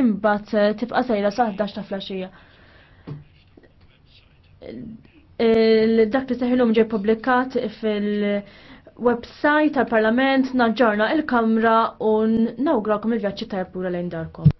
imbagħad eh, tibqa' sejra sa 11 ta' flasġija. Eh, dak li seħilhom ġej publikat fil-website tal-Parlament naġġorna il-Kamra u nawgrakom il-vjaġġi tajb lejn darkom.